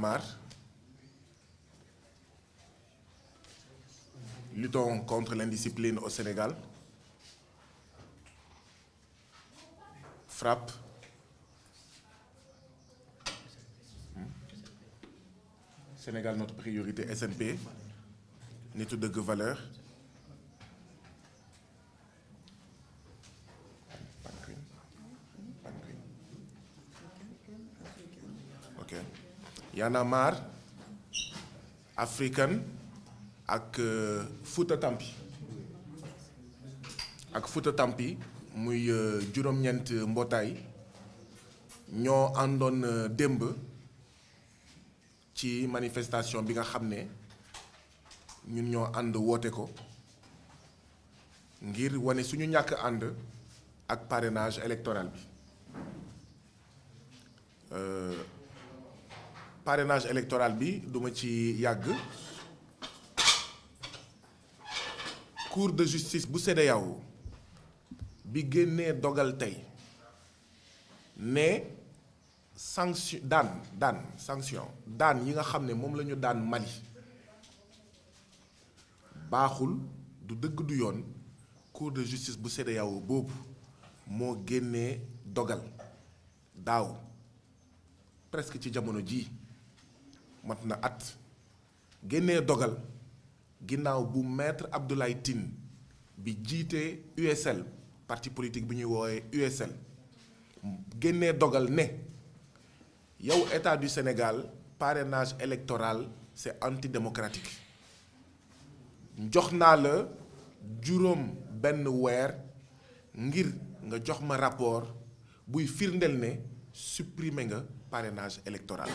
Mar. Luttons contre l'indiscipline au Sénégal. Frappe. Sénégal notre priorité SNP. Nitu Dëgg Valeurs. Y'en a marre African ak euh, Fouta Tampi ak Fouta Tampi muy euh, juróom-ñeent mbootaay ñoo àndoon euh, démb ci manifestation bi nga xam ne ñun ñoo ànd woote ko ngir wane suñu ñàkk ànd ak parrainage électoral bi. parrainage électoral bi duma ci yàgg cour de justice bu CEDEAO bi génnee dogal tey ne sanction daan daan sanction daan yi nga xam ne moom lañu daan Mali baaxul du dëgg du yoon cour de justice bu CEDEAO boobu moo génnee dogal daaw presque ci jamono jii mat na at génnee dogal ginnaaw bu maître Abdoulaye bi jiitee USL parti politique bi ñuy woowee USL génnee dogal ne yow état du Sénégal parrainage électoral c'est antidémocratique jox naa la juróom benn weer ngir nga jox ma rapport buy firndeel ne supprimer nga parenage électoral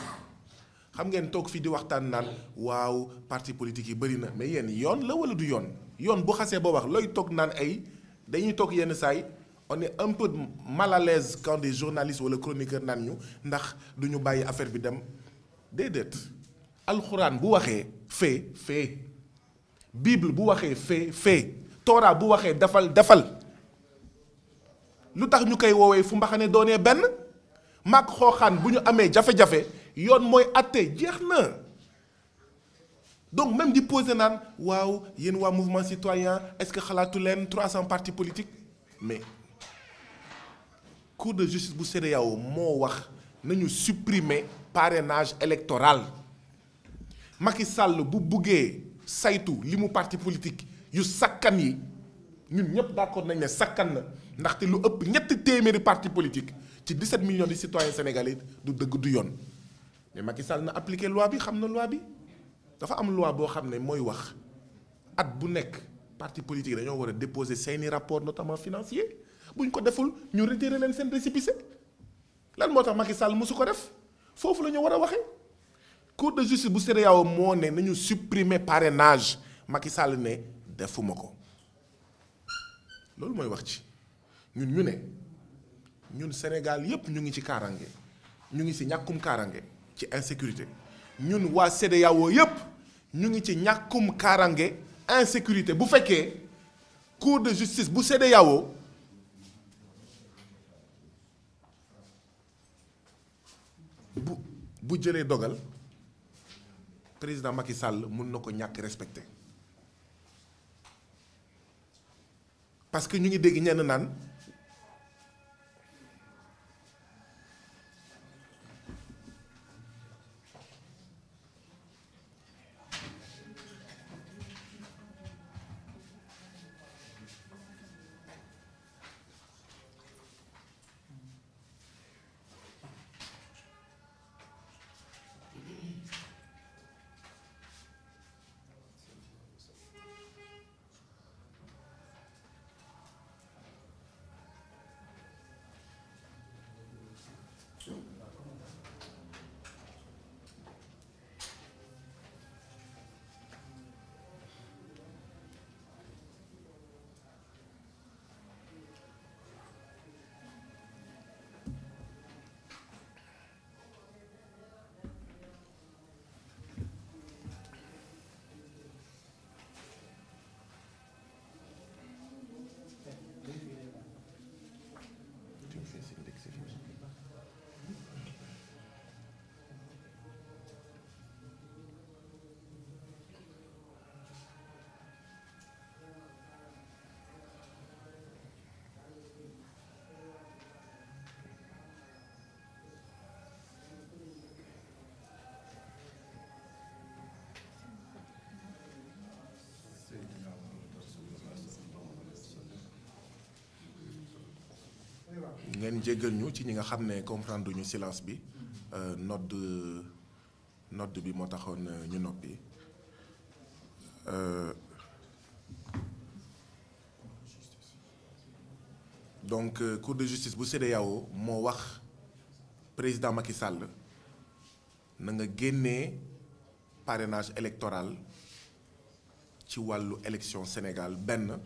xam ngeen toog fii di waxtaan naan waaw parti politique yi bëri na mais yéen yoon la wala du yoon yoon bu xasee ba wax looy toog naan ay dañuy toog yenn saay on est un peu mal quand des journalistes wala chroniqueurs naan ñu ndax du ñu bàyyi affaire bi dem déedéet alxuraan bu waxee fee fee bible bu waxee fee fee tooraa bu waxee dafal dafal lu tax ñu koy woowee fu mbaxane doonee benn mag xooxaan bu ñu amee jafe-jafe yoon mooy atte jeex na donc même di poser naan waaw yéen waa mouvement citoyen est-ce que xalaatu leen 300 partis politiques mais cour de justice bu CEDEAO moo wax nañu supprimer parrainage électoral Macky Sall bu buggee saytu li mu parti politique yu sakkan yi ñun ñëpp d'accord nañ ne sakkan na ndaxte lu ëpp ñett téeméeri parti politique ci 17 millions de citoyens sénégalais du dëgg du yoon. mais Macky Sall na appliqué loi bi xam na loi bi dafa am loi boo xam ne mooy wax at bu nekk parti politique dañoo war a déposé déposer seeni rapport notamment financier bu ñu ko deful ñu retiré leen seen récépissé lan moo tax Macky Sall su ko def foofu la ñu war a waxee cour de justice bu CEDEAO moo ne nañu supprimer parrainage Macky Sall ne defuma ko loolu mooy wax ci ñun ñu ne ñun Sénégal yépp ñu ngi ci kaarange ñu ngi ci ñàkkum kaarange ci insécurité ñun waa CEDEAO yépp ñu ngi ci ñàkkum kaarange insécurité bu fekkee cour de justice bu CEDEAO bu bu jëlee dogal président Macky Sall mun na ko ñàkk respecté parce que ñu ngi dégg ñenn naan ngeen jéggal ñu ci ñi nga xam ne comprendre ñu silence bi nodd euh, nodd bi moo taxoon euh, ñu noppi euh, donc euh, cour de justice bu CEDEAO moo wax président Macky Sall na nga génnee parrainage électoral ci wàllu élection Sénégal benn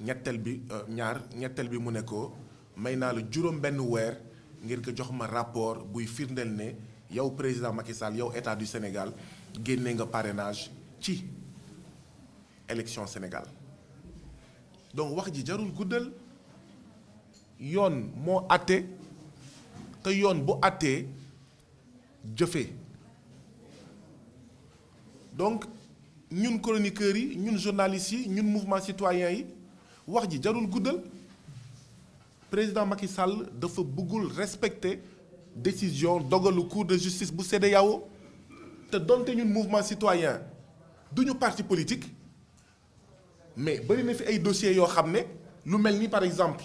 ñetteel bi ñaar ñetteel bi mu ne ko may naa la juróom benn weer ngir ko jox ma rapport buy firndeel ne yow président Macky Sall yow état du Sénégal génne nga parrainage ci élection Sénégal donc wax ji jarul guddal yoon moo àtte te yoon bu àttee jëfee donc ñun chroniqueurs yi ñun journalistes yi ñun mouvement citoyen yi wax ji jarul guddal président Macky Sall dafa bëggul respecter décision dogalu cour de justice bu CEDEAO te donte ñun mouvement citoyen duñu parti politique mais bari na fi ay dossiers yoo xam ne lu mel ni par exemple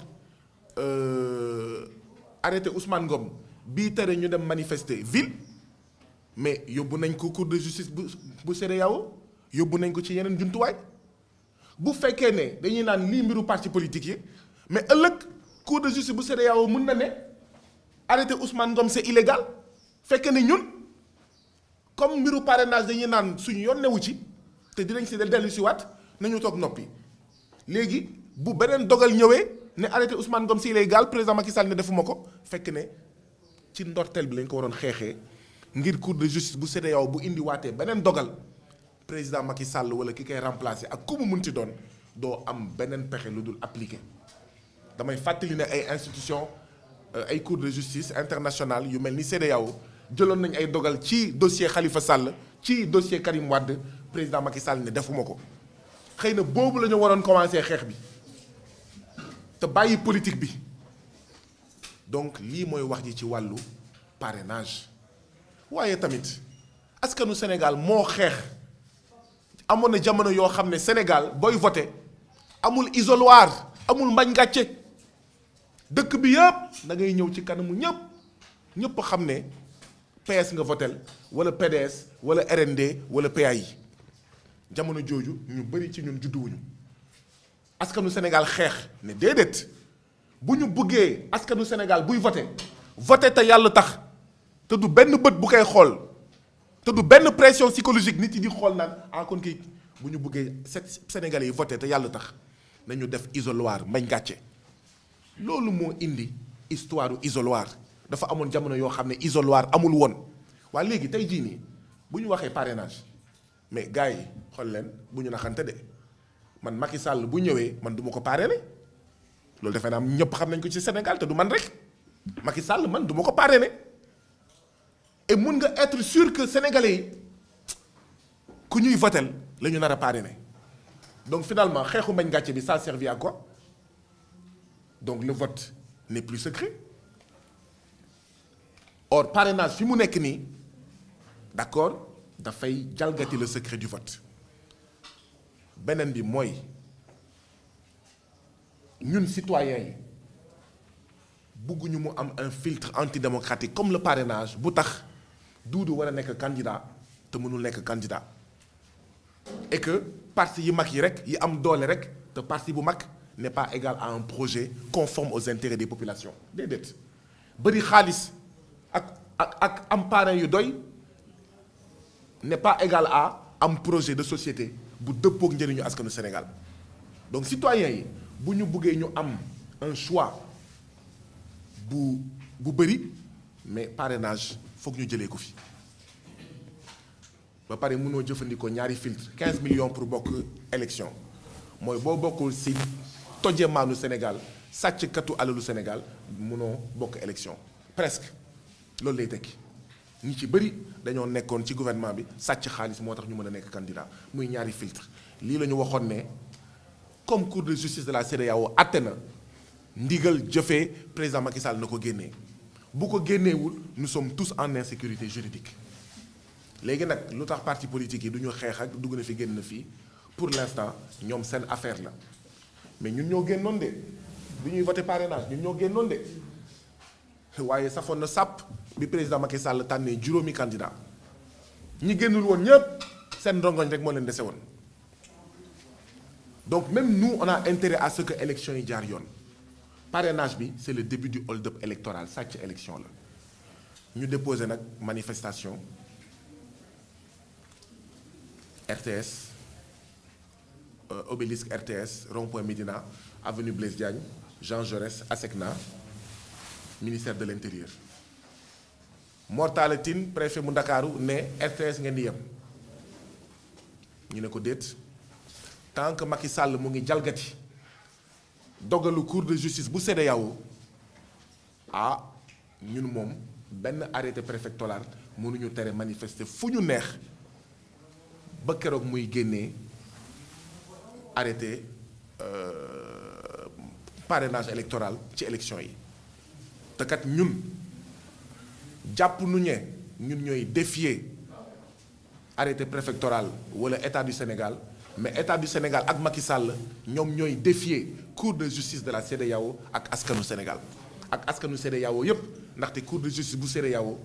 euh, arrêté Ousmane Ngom bii tere ñu dem manifester ville mais yóbbu nañ ko cour de justice bu bu CEDEAO yóbbu nañ ko ci yeneen jumtuwaay bu fekkee ne dañuy naan lii mbiru parti politique yi mais ëllëg. cour de justice bu CEDEAO mun na ne arrêté Ousmane Ngom c'est illégal fekk ni ñun comme mbiru parrainage dañuy naan suñu yoon newu ci te dinañ si dellu si waat nañu toog noppi léegi bu beneen dogal ñëwee ne arrêté Ousmane Ngom c'est illégal président Macky Sall ne defuma ko fekk ne ci ndorteel bi lañ ko waroon xeexee ngir cour de justice bu CEDEAO bu indi waatee beneen dogal président Macky sàll wala ki koy remplacer ak ku mu munti doon doo am beneen pexe lu dul appliqué. damay fàttali ne ay institution euh, ay cours de justice internationale yu mel ni CEDEAO jëloon nañ ay dogal ci dossier Khalifa Sall ci dossier Karim Wade président Macky Sall ne defuma ko xëy na boobu lañu waroon commencé xeex bi te bàyyi politique bi donc lii mooy wax ji ci wàllu parrainage waaye tamit askanu Sénégal moo xeex amoon na jamono yoo xam ne Sénégal booy voté amul isoloir amul mbañ gàcce. dëkk bi yëpp da ngay ñëw ci kanamu ñëpp ñëpp xam ne PS nga votel wala PDS wala RND wala yi jamono jooju ñu bëri ci ñun judduwuñu askanu Sénégal xeex ne déedéet bu ñu buggee askanu Sénégal buy voté voté te yàlla tax te du benn bët bu koy xool te du benn pression psychologique nit yi di xool nag ah kon bu ñu bëggee Sénégalais yi voté te yàlla tax nañu def isoloir mbañ gàcce. loolu moo indi histoire isoloir dafa amoon jamono yoo xam ne isoloir amul woon waaye léegi tey jii nii bu ñu waxee parrainage mais gars yi xool leen bu ñu naxante de man Macky sàll bu ñëwee man duma ma ko parrainé loolu defe naa ñëpp xam nañ ko ci Sénégal te du man rek Macky sàll man du ma ko parrainé et mun nga être sûr que sénégalais yi ku ñuy votel lañu ñu nar a parrainé donc finalement xeexu mbañ gàcce bi ça servi à quoi. donc le vote ne plus secret or parrainage fi mu nekk nii d'accord dafay jalgati le secret du vote beneen bi mooy ñun citoyens yi bugguñu mu am un filtre antidémocratique comme le parrainage bu tax Doudou war a nekk candidat te mënul nekk candidat et que parti yi mag yi rek yi am doole rek te parti bu mag n'est pas égal à un projet conforme aux intérêts des populations déedéet bëri xaalis ak ak ak am parrain yu doy n'est pas égal à am projet de société bu dëppook njëriñu askanu Sénégal donc citoyens yi bu ñu buggee ñu am un choix bu bu bëri mais parenage foog ñu jëlee ko fi ba pare mënoo jëfandikoo ñaari filtre quinze millions pour bokk élection mooy boo bokkul si toje maanu Sénégal sàcckatu katu alalu Sénégal mënoo bokk élection presque loolu lay tekki ñi ci bëri dañoo nekkoon ci gouvernement bi sàcc xaalis moo tax ñu mën a nekk candidat muy ñaari filtre lii la ñu waxoon ne comme cour de justice de la CEDEAO àtte na ndigal jëfe président Macky Sall na ko génnee bu ko génnewul nous sommes tous en insécurité juridique léegi nag lu tax parti politique yi duñu xeex ak dugg na fi génn na fii pour l'instant ñoom seen affaire la mais ñun ñoo génnoon de bi ñuy voté parrainage ñun ñoo génnoon de waaye safoon na sàpp bi président Macky Sall tànnee juróomi candidat ñi génnul woon ñëpp seen ndongoñ rek moo leen dese woon donc même nous on a intérêt à ce que élection yi jaar yoon parenage bi c'est le début du hold-up électoral sàcc élection la ñu déposé nag manifestation Euh, obélisque RTS rond-point Médina avenue Blaise Diagne Jean Jaurès ASECNA ministère de l'intérieur Mor Talla Tine préfet mu Ndakaaru ne RTS ngeen di yem ñu ne ko déet tant que Macky Sall mu ngi jalgati dogalu cour de justice bu CEDEAO ah ñun moom benn arrêté préfectoral mënuñu tere manifester fu ñu neex ba keroog muy génnee arrêté euh, parrainage électoral ci élection yi te kat ñun jàpp nu ñe ñun ñooy défier arrêté préfectoral wala état du Sénégal mais état du Sénégal ak Macky Sall ñoom ñooy défier cour de justice de la CEDEAO ak askanu Sénégal ak askanu CEDEAO yépp ndaxte cour de justice bu CEDEAO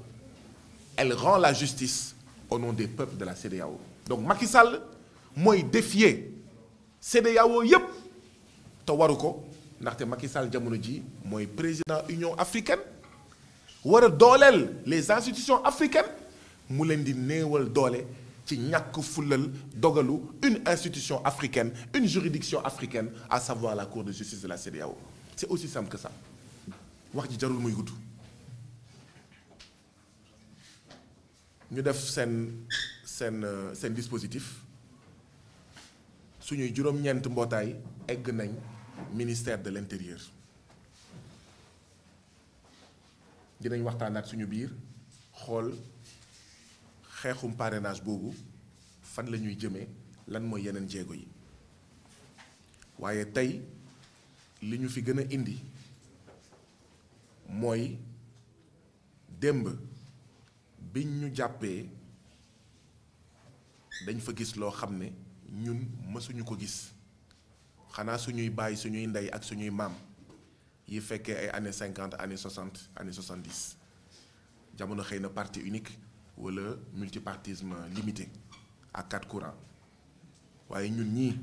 elle rend la justice au nom des peuples de la CEDEAO donc Macky mooy défier CEDEAO yépp te waru ko ndaxte Macky Sall jamono ji mooy président Union africaine war a dooleel les institutions africaines mu leen di néewal doole ci ñàkk fulal dogalu une institution africaine une juridiction africaine à savoir la Cour de justice de la CEDEAO c'est aussi simple que ça wax ji jarul muy gudd ñu def seen seen euh, seen dispositif suñuy juróom-ñeent mbootaay egg nañ ministère de l'intérieur dinañ waxtaanaat suñu biir xool xeexum parrainage boobu fan lañuy ñuy jëmee lan mooy yeneen jéego yi waaye tey li ñu fi gën a indi mooy démb biñ ñu jàppee dañ fa gis loo xam ne ñun mësuñu ko gis xanaa suñuy bàyyi suñuy ndey ak suñuy maam yi fekkee ay années cinquante années soixante années soixante dix jamono xëy na parti unique wala multipartisme limité ak quatre courant waaye ñun ñii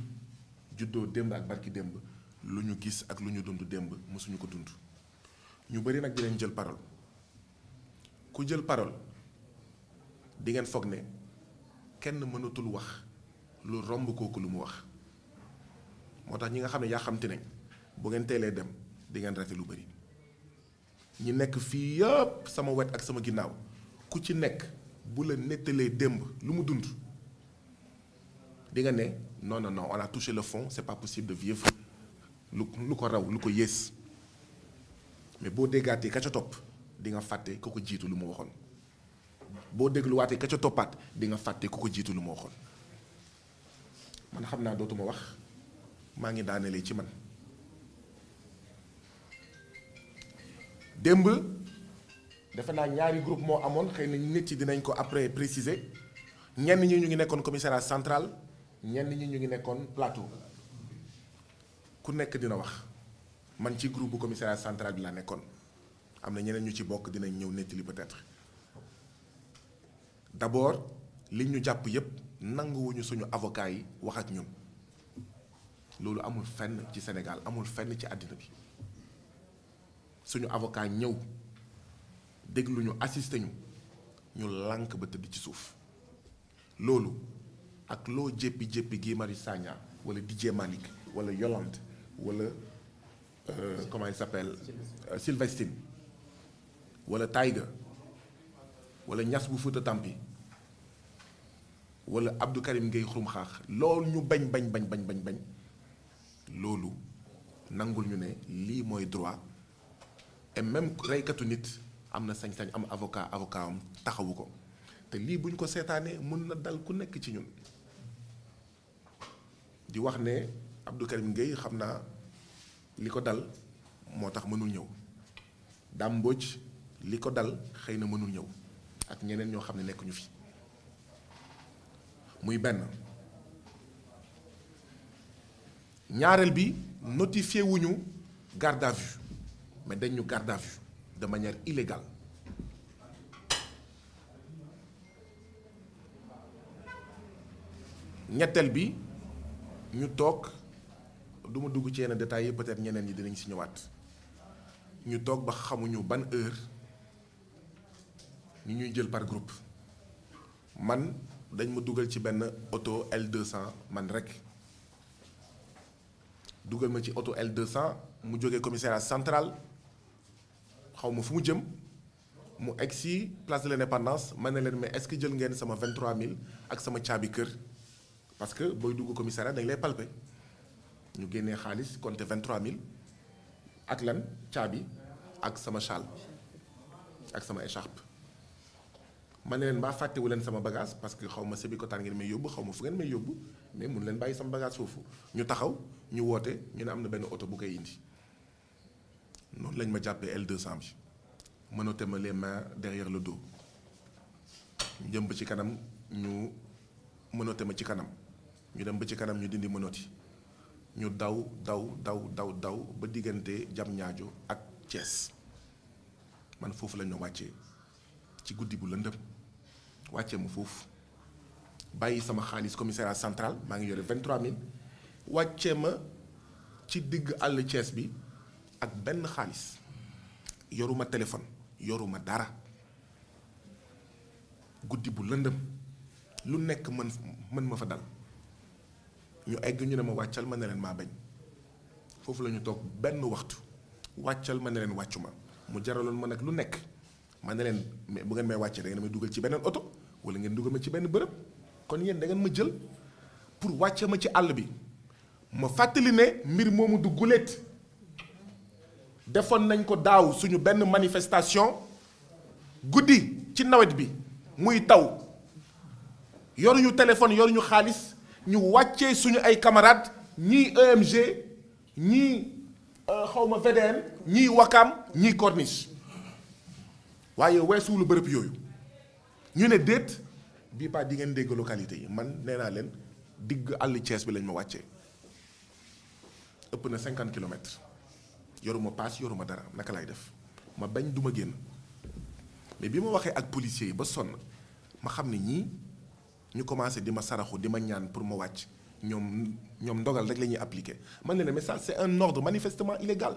juddoo démb ak barki démb lu ñu gis ak lu ñu dund démb mësuñu ko dund ñu bëri nag di jël parole ku jël parole di foog ne kenn mënatul wax. lu romb kooku lu mu wax moo tax ñi nga xam ne yaa xamte ne bu ngeen teelee dem di ngeen rate lu bari ñi nekk fii yëpp sama wet ak sama ginnaaw ku ci nekk bu la nettalee démb lu mu dund di nga ne non non non on a le fond c'est pas possible de vivre lu lu ko raw lu ko yées mais boo déggaatee ka ca topp di nga fàtte ku ko jiitu lu mu waxoon boo dégluwaatee ka ca toppaat di nga fàtte ku ko jiitu lu mu waxoon. man xam naa dootuma wax maa ngi daanelee ci man démb defe naa ñaari groupe moo amoon xëy na nit yi dinañ ko après préciser ñenn ñi ñu ngi nekkoon commissariat central ñenn ñi ñu ngi nekkoon plateau ku nekk dina wax man ci groupe bu commissariat central bi laa nekkoon am na ñeneen ñu ci bokk dinañ ñëw nettali peut-être d'abord liñ ñu jàpp yépp nanguwuñu suñu avocat yi wax ak ñun loolu amul fenn ci Sénégal amul fenn ci àddina bi suñu avocat ñëw déglu ñu assisté ñu ñu lànk ba tëdd ci suuf loolu ak loo jéppi jéppi Guy Marius Sagna wala Didier Malick wala Yolande wala euh, comment euh, Sylvestine wala Taïga wala ñas bu Fuuta Tampi wala Abdou Karim Gueye xurum xaax loolu ñu bañ bañ bañ bañ bañ bañ loolu nangul ñu ne lii mooy droit et même reykatu nit am na sañ-sañ am avocat avocat am taxawu ko te lii bu ñu ko seetaanee mën na dal ku nekk ci ñun di wax ne Abdou Karim Gueye xam naa li ko dal moo tax mënul ñëw Dame Mbodj li ko dal xëy na mënul ñëw ak ñeneen ñoo xam ne nekkuñu fi. muy benn ñaareel bi notifié wuñu garde à vue mais ñu garde à vue de manière ñetteel bi ñu toog du dugg ci yenn détails yi peut ñeneen yi dinañu si ñëwaat ñu toog ba xamuñu ban heure ñu ñuy jël par groupe man dañ ma dugal ci benn auto L200 man rek dugal ma ci auto L200 mu jógee commissariat central xaw ma fu mu jëm mu egg si place de l'indépendance man ne leen mais est-ce que jël ngeen sama mille ak sama caabi kër parce que booy dugg commissariat dañ lay palper ñu génnee xaalis compter 23000 ak lan caabi ak sama châle ak sama écharpe. man ne leen mbaa fàttewu leen sama bagage parce que xaw ma sébi kotaan ngeen may yóbbu xaw ma fu ngeen may yóbbu mais mun leen bàyyi sama bagage foofu ñu taxaw ñu woote ñu ne am na benn oto bu koy indi noonu lañ ma jàppe L200 bi mënote ma les mains derrière le dos ñu jëm ci kanam ñu mënote ma ci kanam ñu dem ba ci kanam ñu dindi mënoti ñu daw daw daw daw daw ba diggante jam ñaajo ak Thiès man foofu la ñu wàccee ci guddi bu lëndëm wàccee ma foofu bàyyi sama xaalis commissariat central maa ngi yore 23000 wàccee ma ci digg àll Thiès bi ak benn xaalis yoruma téléphone yoruma dara guddi bu lëndëm lu nekk mën mën ma fa dal ñu egg ñu ne ma wàccal ma ne leen maa bañ foofu la ñu toog benn waxtu wàccal ma ne leen wàccu ma mu jaraloon ma nag lu nekk ma ne leen bu ngeen may wàccee da damay dugal ci beneen oto wala ngeen dugal ma ci benn bërëb kon yéen dangeen ma jël pour wàcce ma ci àll bi ma fàttali ne mbir moomu du guléet defoon nañ ko daaw suñu benn manifestation guddi ci nawet bi muy taw yoruñu téléphone yoruñu xaalis ñu wàccee suñu ay camarades ñii EMG ñii euh, xawma VDN ñii Wakam ñii Corniche waaye weesuwulu bërëb yooyu ñu ne déet bii pas di ngeen dégg localité yi man nee naa leen digg àll Thiès bi lañ ma wàccee ëpp na cinquante kilomètres yoruma paas yoruma dara naka lay def ma bañ duma génn mais bi ma waxee ak policiers yi ba sonn ma xam ne ñii ñu commencé di ma saraxu di ma ñaan pour ma wàcc ñoom ñoom ndogal rek la ñuy appliqué man ne message mais ça c'est un ordre manifestement illégal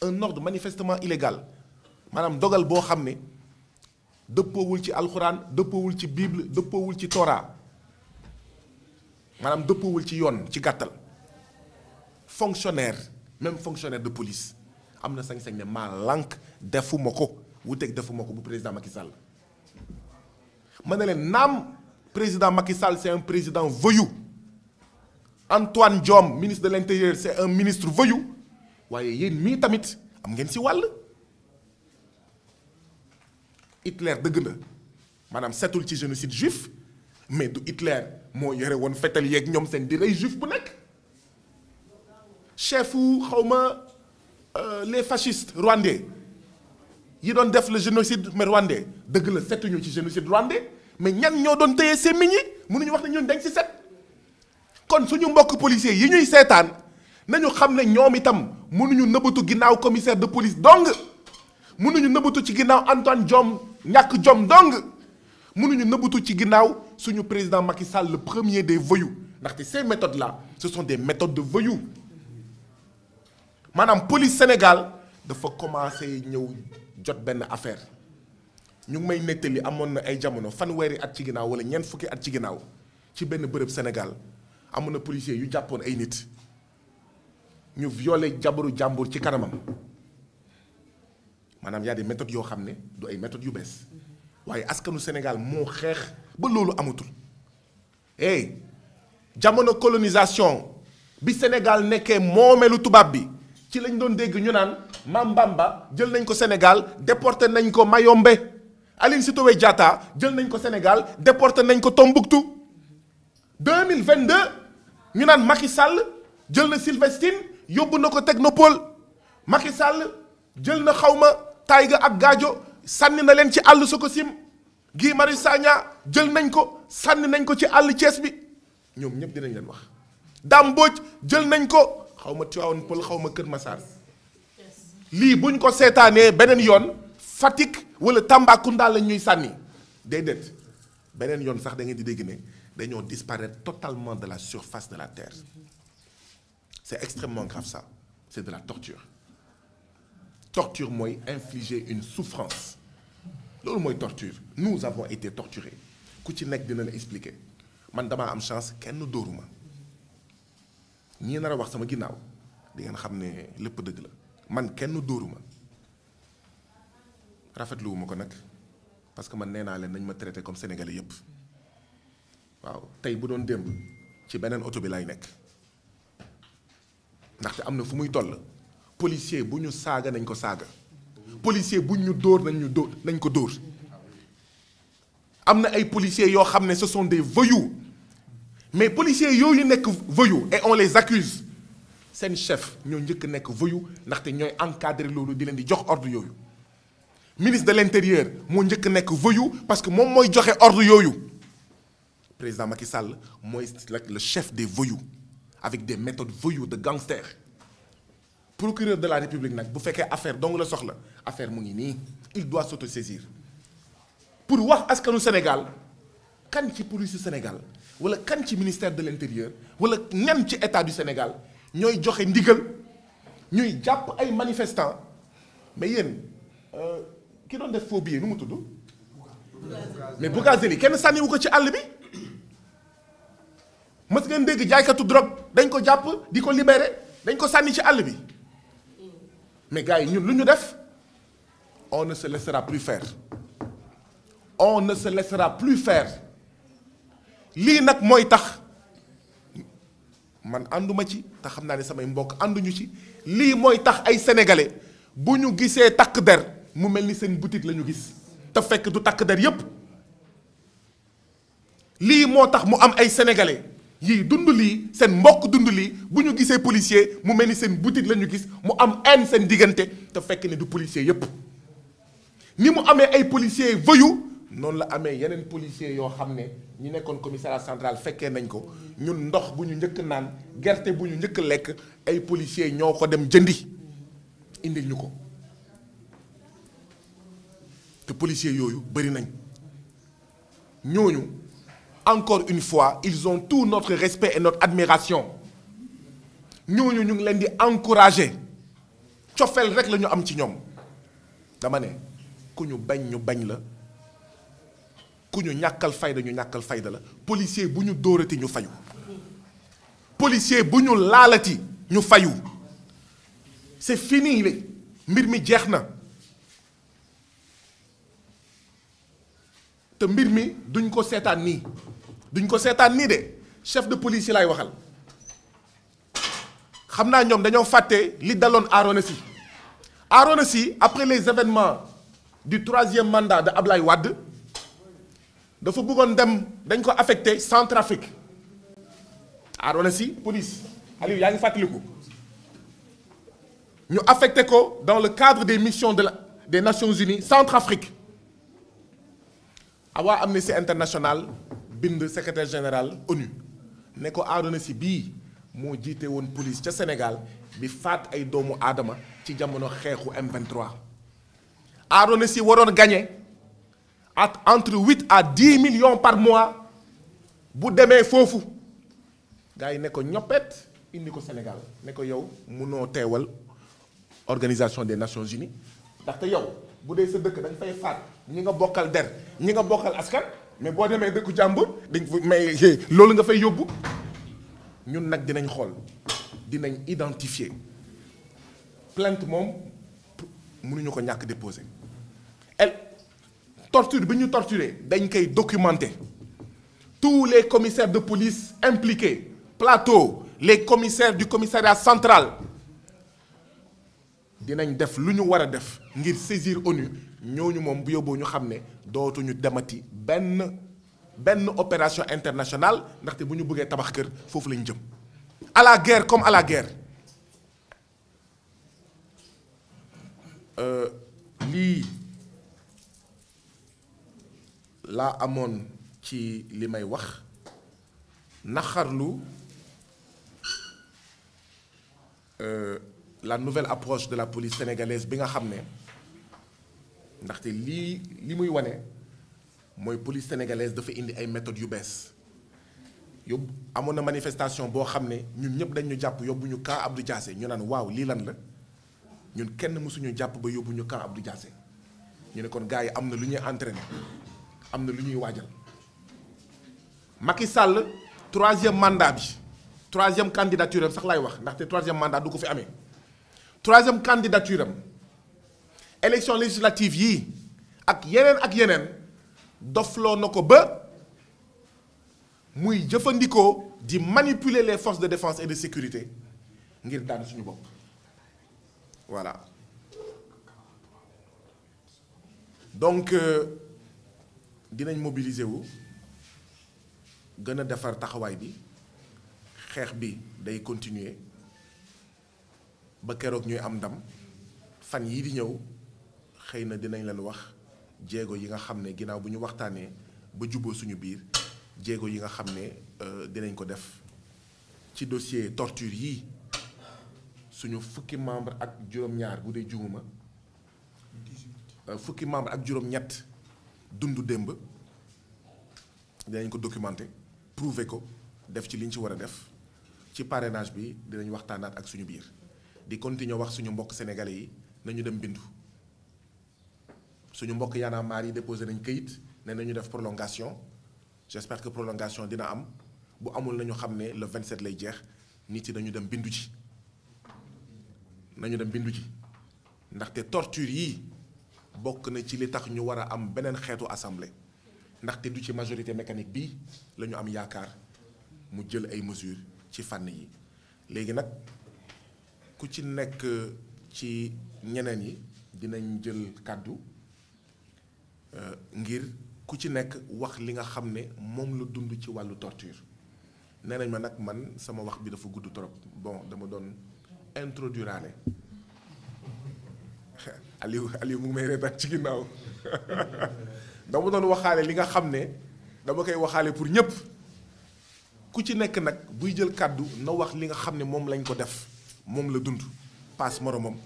un ordre manifestement illégal maanaam dogal boo xam ne. dëppoowul ci alxuraan dëppoowul ci bible dëppoowul ci Torah maanaam dëppoowul ci yoon ci gàttal fonctionnaire même fonctionnaire de police am na sañ-sañ ne maa lànk defuma ko wuteeg defuma ko bu président Macky Sall ma ne leen naam président Macky Sall c'est un président voyou Antoine Diome ministre de l'intérieur c'est un ministre voyou waaye yéen mii tamit am ngeen si wàll. Hitler dëgg na maanaam setul ci génocide juif mais du Hitler moo yore woon fetal yeeg ñoom seen di rey juif bu nekk chefu xawma euh, les fascistes rwandais yi doon def le génocide mais rwandais dëgg la setuñu ci génocide rwandais mais ñan ñoo doon téye sémmiñ yi mënuñu wax ne ñu dañ si set kon suñu mbokk policiers yi ñuy seetaan nañu xam ne ñoom itam mënuñu nëbbatu ginnaaw commissaire de police donc mënuñu nëbbatu ci ginnaaw Antoine Diome ñàkk jom dong mënuñu nëbbatu ci ginnaaw suñu président Macky Sall le premier des voyous ndaxte ces méthodes la ce sont des méthodes de voyous maanaam police Sénégal dafa commencé ñëw jot benn affaire ñu ngi may nettali amoon na ay jamono fanweeri at ci ginnaaw wala ñeent fukki at ci ginnaaw ci benn bërëb Sénégal amoon na policier yu jàppoon ay nit ñu violé jabaru jàmbur ci kanamam. maanaam y a des yoo xam ne du ay méthodes yu bees waaye askanu Sénégal moo xeex ba loolu amatul jamono colonisation bi Sénégal nekkee moomeelu tubaab bi ci lañ doon dégg ñu naan Maam Bamba jël nañ ko Sénégal déporté nañ ko Mayombe Aline Sitoé Diatta jël nañ ko Sénégal déporté nañ ko Tombouctou 2022 ñu naan Macky Sall jël na Sylvestine yóbbu na ko Technopole Macky Sall. jël na xaw ma taay ga ak gaajo sànni na leen ci àll sim gii Marius Sagna jël nañ ko sànni nañ ko ci àll Thiès bi ñoom ñëpp dinañ leen wax Dame Mbodj jël nañ ko xawma ma Tivaouane Peulh xaw ma Kër Massar lii buñ ko seetaanee beneen yoon Fatick wala Tambacounda lañ ñuy sànni déedéet beneen yoon sax da ngeen di dégg ne dañoo disparaître totalement de la surface de la terre c'est extrêmement grave ça c'est de la torture torture mooy infliger une souffrance loolu mooy torture nous avons été torturés ku ci nekk dina la expliquer man damaa am chance kenn dóoruma ñii nar a wax sama ginnaaw di ngeen xam ne lépp dëgg la man kenn dóoruma rafetluwuma ko nag parce que man nee naa leen nañ ma traité comme sénégalais yépp waaw tey bu doon démb ci beneen oto bi lay nekk ndaxte am na fu muy toll. policier bu ñu saaga nañ ko saaga policier bu ñu dóor nañ ñu dóor nañ ko dóor am na ay policiers yoo xam ne ce sont des voyous mais policiers yooyu nekk voyous et on les accuse seen chef ñoo njëkk nekk voyous ndaxte ñooy encadrer loolu di leen di jox ordre yooyu ministre de l'intérieur moo njëkk nekk voyou parce que moom mooy joxe ordre yooyu président Macky Sall mooy le chef des voyous avec des méthodes voyous de gangsters procureur de la république nag bu fekkee affaire dong la soxla affaire mu ngi nii il doit saisir pour wax askanu Sénégal kan ci police Sénégal wala kan ci ministère de l'intérieur wala ñan ci état du Sénégal ñooy joxe ndigal ñuy jàpp ay manifestants mais yéen euh, ki doon def faux billet nu mu tudd. mais Bougazelli kenn sànniwu ko ci àll bi mës ngeen dégg jaaykatu drop dañ ko jàpp di ko libéré dañ ko sànni ci àll bi. mais gars yi ñun lu ñu def on ne se laissera plus faire on ne se plus faire lii nag mooy tax man ànduma ci te xam naa ne samay mbokk ànduñu ci lii mooy tax ay sénégalais bu ñu gisee takk der mu mel ni seen boutique lañu gis te fekk du takk der yépp lii moo tax mu am ay sénégalais. yii dund lii seen mbokk dund lii bu ñu gisee policier mu mel ni seen boutique la ñu gis mu am haine seen diggante te fekk ne du policier yépp ni mu amee ay policiers voyous noonu la amee yeneen policiers yoo xam ne ñu nekkoon commissariat centrale fekkee nañ ko ñun ndox bu ñu njëkk naan gerte bu ñu njëkk lekk ay policiers ñoo ko dem jëndi indil ñu ko te policiers yooyu bari nañ ñooñu. encore une fois ils ont tout notre respect et notre admiration ñooñu ñu ngi leen di encourager cofeel rek lañu am ci ñoom dama ne ku ñu bañ ñu bañ la ku ñu ñàkkal fayda ñu ñàkkal fayda la policier bu ñu dóorati ñu fayu policier bu ñu laalati ñu fayu c'est fini mbir mi jeex na te mbir mi duñ ko seetaan nii duñ ko seetaan nii de chef de police yi lay waxal xam naa ñoom dañoo fàtte li daloon Arona Sy Arona après les événements du troisième mandat de Ablaye Wade dafa bëggoon dem dañ ko affecté sans trafic Arona Sy police Aliou yaa ngi fàttaliku ñu affecté ko dans le cadre des missions de la des Nations Unies afrique awaa Amnesty International bind secretaire général ONU ne ko Arona Sy bii moo jiitee woon police ca Sénégal bi faat ay doomu aadama ci jamono xeexu M23 Arona Sy waroon gañe at entre huit à dix million par mois bu demee foofu gaa yi ne ko ñoppet indi ko Sénégal ne ko yow munoo teewal organisation des Nations Unies ndaxte yow bu dee sa dëkk da nga fay faat ñi nga bokkal der ñi nga bokkal askan. mais boo demee dëkku jàmbur dañ fa mais loolu nga fay yóbbu ñun nag dinañ xool dinañ identifier plainte moom mënuñu ko ñàkk déposer et torture bi ñu torturé dañ koy documenter tous les commissaires de police impliqués plateau les commissaires du commissariat central dinañ def lu ñu war a def ngir saisir ONU ñu moom bu yóbboo ñu xam ne dootuñu demati benn benn opération internationale ndaxte bu ñu bëggee tabax kër foofu lañu jëm. à la comme à la euh, lii laa amoon ci li may wax naxarlu. Euh, la nouvelle approche de la police sénégalaise bi nga xam ne ndaxte lii li muy wane mooy police sénégalaise dafa indi ay méthodes yu bees yóbbu amoon na manifestation boo xam ne ñun ñëpp dañ ñu jàpp yóbbu ñu camp Abdou Diassé ñu naan waaw lii lan la ñun kenn mësuñu jàpp ba yóbbu ñu camp Abdou Diassé ñu ne kon gars yi am na lu ñuy entraîné am na lu ñuy waajal Macky Sall troisième mandat bi troisième candidature am sax laay wax ndaxte troisième mandat du ko fi amee. troisième candidature am élection législative yii ak yeneen ak yeneen dofloo na ko ba muy jëfandikoo di manipuler les forces de défense et de sécurité ngir daan suñu bopp voilà donc euh, dinañ mobiliser wu gën a defar taxawaay bi xeex bi day continuer ba keroog ñuy am ndam fan yii di ñëw xëy na dinañ leen wax jéego yi nga xam ne ginnaaw bu ñu waxtaanee ba juboo suñu biir jéego yi nga xam ne euh, dinañ ko def ci dossier torture yi suñu fukki membre ak juróom-ñaar bu dee jumuma euh, fukki membre ak juróom-ñett dund démb dinañ ko documenter prouver ko def ci liñ ci war a def ci parenage bi dinañ waxtaanaat ak suñu biir di continuer wax suñu mbokk sénégale yi nañu dem bindu suñu mbokk yaanaa yi déposé nañ kayit ne nañu def prolongation j'espère que prolongation dina am bu amul nañu xam ne le 27 lay jeex nit yi dañu dem bindu ci nañu dem bindu ci ndaxte torture yi bokk na ci li tax ñu war a am beneen xeetu assemblée ndaxte du ci majorité mécanique bi lañu am yaakaar mu jël ay mesures ci fànn yi léegi nag ku ci nekk ci ñeneen yi dinañ jël kàddu euh, ngir ku ci nekk wax li nga xam ne moom la dund ci wàllu torture nee nañ ma nag man sama wax bi dafa gudd trop bon dama doon introduiraale Aliou Aliou mu ngi may reetaan ci ginnaaw dama doon waxaale li nga xam ne dama koy waxaale pour ñëpp ku ci nekk nag buy jël kàddu na wax li nga xam ne moom lañ ko def moom la dund paas moromam.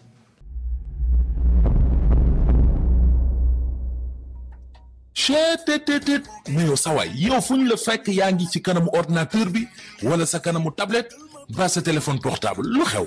cheetetetet mais yow sawaay yow fu ñu la fekk yaa ngi ci kanamu ordinateur bi wala sa kanamu tablette ba sa téléphone portable lu xew.